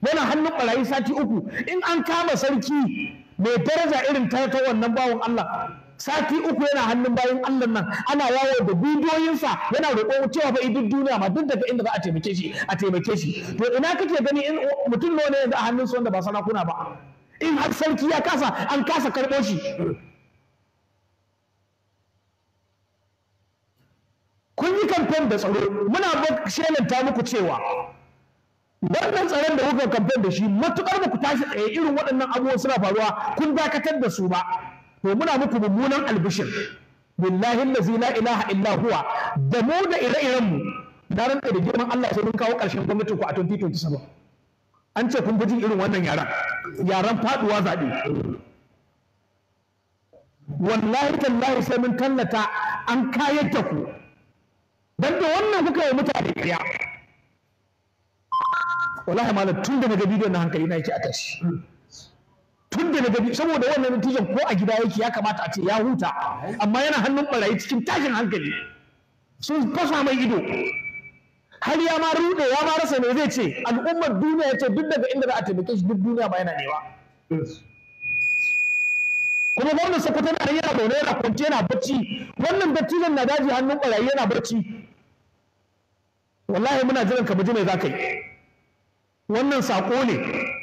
yana hannun barayi sati uku in an kama sarki mai daraja irin ta wannan bawan Allah sati uku yana hannun bayan Allah nan ana yawo da bidiyoyinsa yana roƙon cewa fa idin duniya ma duk daga inda za a taimake shi a taimake shi to ina kake gani in mutum nawa ne yanzu a hannun su wanda ba sarakuna ba in har sarki ya kasa an kasa karɓo shi kun yi kamfen da tsaro muna ta muku cewa wannan tsaron da kuka kamfen da shi matukar ba ku tashi tsaye irin waɗannan abubuwan suna faruwa kun dakatar da su ba to muna muku mummunan albishir billahi allazi la ilaha illa huwa da mu da ire-iren mu da ran da girman Allah sai mun kawo ƙarshen gwamnatin ku a 2027 an ce kun jin irin wannan yaran yaran faduwa zabe wallahi tallahi sai mun tallata an kayar da ku dan da wannan kuka yi mutane wallahi malam tun da na ga bidiyon na hankali na yake a tashi tun da na saboda wannan natijan ko a gida yake ya kamata a ce ya huta amma yana hannun barayi cikin tashin hankali sun fasa mai ido har ya ma rude ya ma rasa me zai ce al'ummar duniya ya ce duk daga inda za a taimake shi duk duniya ba yana nema kuma wannan sokoto na yana zaune yana kwanci yana bacci wannan dattijan na daji hannun barayi yana bacci wallahi muna jiran ka mu me za ka yi wannan sako ne